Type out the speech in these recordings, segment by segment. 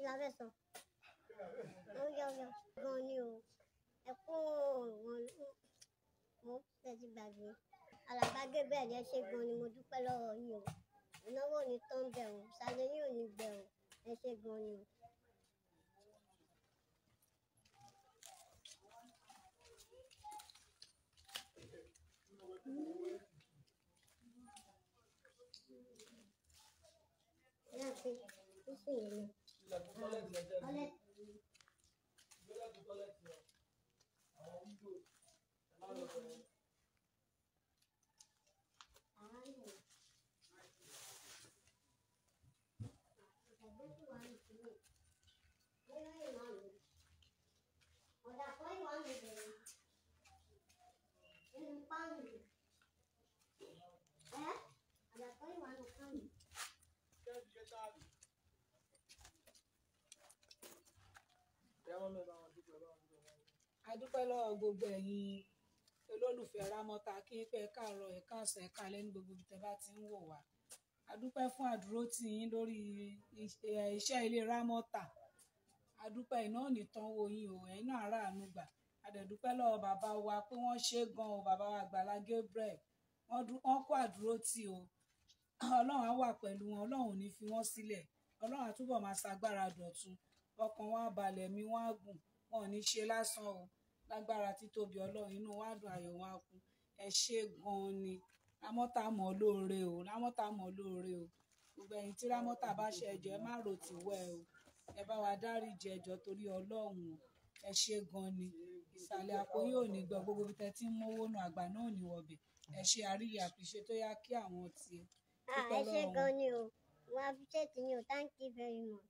ìlàbẹ̀ sàn oúnjẹ ọjọ́ gan ni o ẹ̀kọ́ wọn mo fẹ́ ti gbàgbé alàbágé bẹ́ẹ̀ ni ẹ ṣe gan ni mo dúpẹ́ lọ́wọ́ yín o ìnáwó ni tó ń bẹ̀ o ṣáájú yín ò ní bẹ̀ Mm-hmm. Thank you. a dúpẹ́ lọ́wọ́ gbogbo ẹ̀yin olólùfẹ́ Ramota kí pẹ́ káàárọ̀ ẹ̀ka ọ̀sẹ̀ ẹ̀ka lẹ́nu gbogbo ibi tẹ́ bá ti ń wò wá a dúpẹ́ fún àdúró tì yín lórí iṣẹ́ ilé Ramota a dúpẹ́ iná nìtanwó yín o ẹ̀yin náà aráàánú gbà a dẹ̀ dúpẹ́ lọ́wọ́ bàbá wa pé wọ́n ṣe gan o bàbá wa Àgbàlá Gabriel wọ́n kó àdúró tì o ọlọ́run á wà pẹ̀lú wọn ọlọ́run ò ní fi wọ́n sílẹ̀ ọlọ́run á túbọ̀ máa ṣagbára dọ̀tun ọkàn wọn á balẹ̀ mi wọn á gùn wọn ò ní ṣe lásán o lágbára títóbi ọlọ́run inú wa dùn ayọ̀ wa kú ẹ ṣe gan-an ni rámọ́tà mọ̀ lóore o rámọ́tà mọ̀ lóore o gbogbo ẹ̀yin tí rámọ́tà bá ṣe ẹjọ́ ẹ má rò tìwẹ́ o ẹ bá wa dáríjì ẹjọ́ torí ọlọ́run o ẹ ṣe gan-an ni ìsàlẹ̀ àpò yóò ní gbọ́ gbogbo bí tẹ ti ń mówó nu àgbà náà ní wọ̀bẹ̀ ẹ ṣe àríyé àfiṣe tó yá kí àwọn tiẹ̀. ẹ ṣe gan-an ni o wọn àfiṣe tì thank you very much.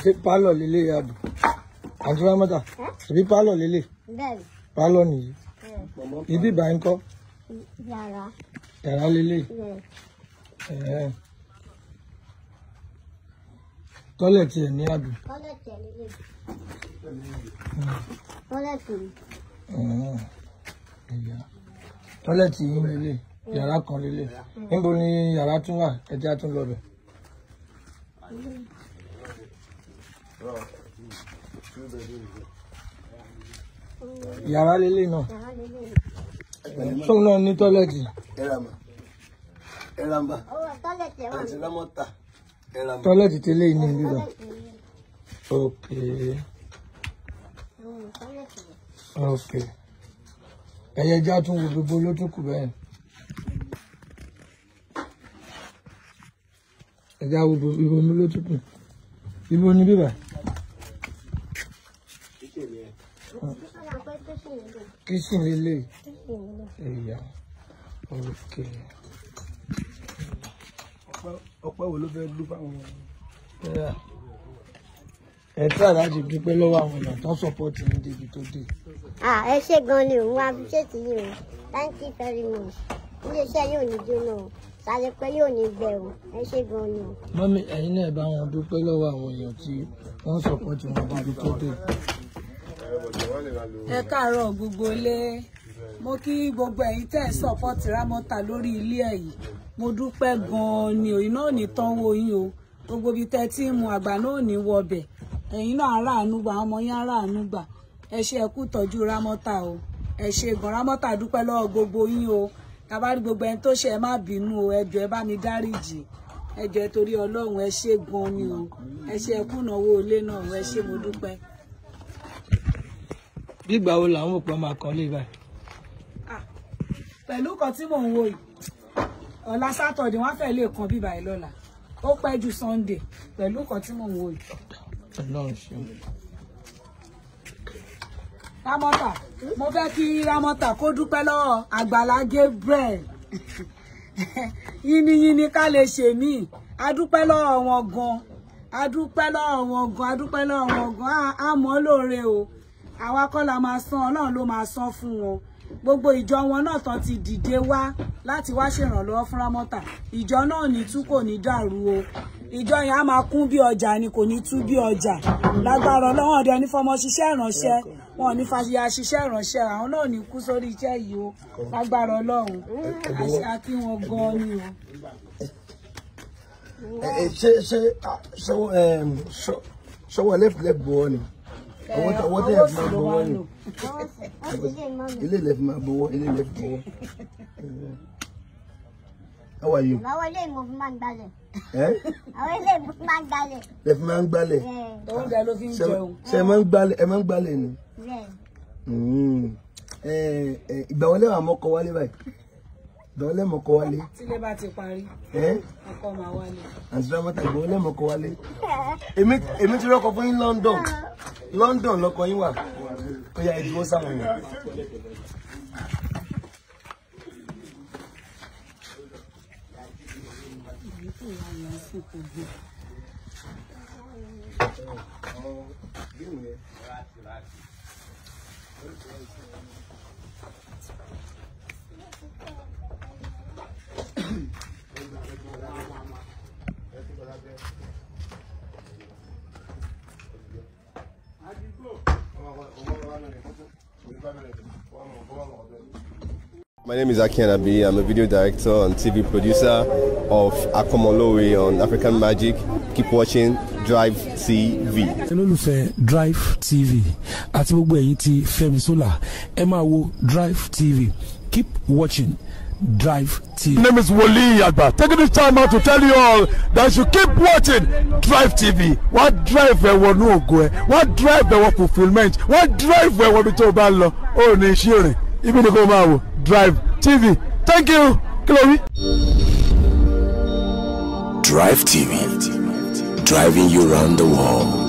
ṣe pálọ̀ lélẹ̀ àbò àti rámọ́tà ṣèbí pálọ̀ lélẹ̀ pálọ̀ nìyí ibi ìbá ń kọ́ yàrá lélẹ̀ tọ́lẹ̀tì ẹ̀ ní àbò. tọ́lẹ̀tì yìí lélẹ̀ yàrá kan lélẹ̀ níbo ni yàrá tún wà ẹjẹ́ á tún lọ bẹ̀. yàrá lélẹ̀ náà sóun náà ní tọ́lẹ̀tì. ẹ̀rànbà àti lámọ́ta ẹ̀rànbà. tọ́lẹ̀tì tẹ́lẹ̀ ní bíbá. ok ok ẹ̀yẹ́jà tún wo gbogbo ló tún kù bẹ́ẹ̀. ẹ̀já wo ibo mi ló tútù ibo ni bíbà. kíṣìn lélẹ̀ ẹ̀yà òkè. ọpẹ́ wo ló fẹ́ dúró fáwọn ọmọ ẹ tí aláàjì dúpẹ́ lọ́wọ́ àwọn èèyàn tó ń sọ́pọ́ọ̀tì ní débi tó dé. ẹ ṣé gan ni òun wá bí ṣètìlẹ́ o thank you very much iléeṣẹ́ yóò ní jóná o sáré pé yóò ní bẹ̀rù ẹ ṣe gan ni o. mọ́mí ẹ̀yin náà bá wọn dúpẹ́ lọ́wọ́ àwọn èèyàn tí wọ́n sọ̀pọ̀ tí wọ́n bá dúpẹ́ tẹ̀. ẹ káàárọ̀ gbogbo ilé mo kí gbogbo ẹ̀yin tẹ́ ẹ̀ sọ̀pọ̀ tìrámọ́ta lórí ilé ẹ̀ yìí mo dúpẹ́ gan-an ni òyìn náà ní tán wo yín o gbogbo ibi tẹ́ tí mu àgbà náà ní wọbẹ̀ ẹ̀yin náà aráàánú gbà ọmọ yín aráàánú gbà ẹ ṣe ẹkú tọ́jú rámọ́ta o ẹ ṣe gan rámọ́ta dúpẹ́ lọ́wọ́ gbogbo yín o tabari gbogbo ẹni tó ṣe ẹ má bínú o ẹjọ ẹ bá mi dáríjì ẹjọ ẹ torí Ọlọ́run ẹ ṣe gan ni o ẹ ṣe ẹkúnnáwó ilé náà ẹ ṣe mo dúpẹ́. bí ìgbà wo làwọn òpó máa kọ́ lé báyìí. Ah, pẹ̀lú kan tí mò ń wo yìí ọ̀la sátọ̀dẹ̀ wọ́n fẹ́ lè kan bíbá yìí lọ́la ó pẹ́ ju Sunday pẹ̀lú kan tí mò ń wo yìí. Ọlọ́run ṣeun. Ramota mo fẹ́ kí Ramota kó dúpẹ́ lọ́wọ́ Àgbàlá Gabriel yínníyínní ká lè ṣe mí adúpẹ́ lọ́wọ́ wọn gan adúpẹ́ lọ́wọ́ wọn gan adúpẹ́ lọ́wọ́ wọn gan àmọ́ lóore o àwa kọ́ la máa san Ọlọ́run ló máa san fún wọn gbogbo ìjọ wọn náà tán ti dìde wá láti wá ṣèrànlọ́wọ́ fún Ramota ìjọ náà ní tú kò ní dàrú o ìjọ yẹn á máa kún bí ọjà ni kò ní tú bí ọjà lágbára ọlọ́wọ́n ọdẹ ní fọmọ ṣiṣẹ́ ìránṣẹ́ wọn ní fàṣìyà ṣiṣẹ́ ìránṣẹ́ àwọn náà ní kú sórí iṣẹ́ yìí o lágbára ọlọ́run àṣà kí wọn gan ni o. ṣé ṣé ṣọwọ́ left left bọ̀ ọ́ ni àwọn tẹ ẹ fún abọwọ́ ni ilé ilẹ̀ fún abọwọ́ ilé ilẹ̀ fún abọwọ́. How are you? Àwọn ilé ìmọ̀ fún Eh? ń gbalẹ̀. Àwọn ilé ìmọ̀ fún máa ń gbalẹ̀. Lẹ fi máa ń gbalẹ̀. Oúnjẹ ló fi ń jẹun. Ṣé ẹ máa ń gbalẹ̀ ẹ máa ń gbalẹ̀ ni? Hmm. Ìgbà wọlé wà mọ́kọ wálé báyìí. Ìgbà wọlé mọ́kọ wálé. Tílé bá ti parí. Ọkọ máa wálé. Àǹtí Ramata ìgbà wọlé mọ́kọ wálé. Èmi ti rọ́kọ fún yín London. London lọkọ yín wà. Ó yá ìdúró sáwọn yẹn. fún gbogbo. Thank you. My name is Aki Anabi. I'm a video director and TV producer of Akomolowe on African Magic. Keep watching Drive TV. olólùfẹ́ Drive TV àti gbogbo ẹ̀yin tí Fẹ́mi Sola ẹ máa wo Drive TV keep watching Drive TV. My name is Wole Agba taking this time out to tell you all that you keep watching Drive TV wá drive ẹ wọnú ògo ẹ wá drive ẹ wọ fulfilment wá drive ẹ wọ ibi tó o bá lọ ó ní iṣẹ́ ibi ni kò máa wò drive tv thank you Chloe. drive tv driving you round the world.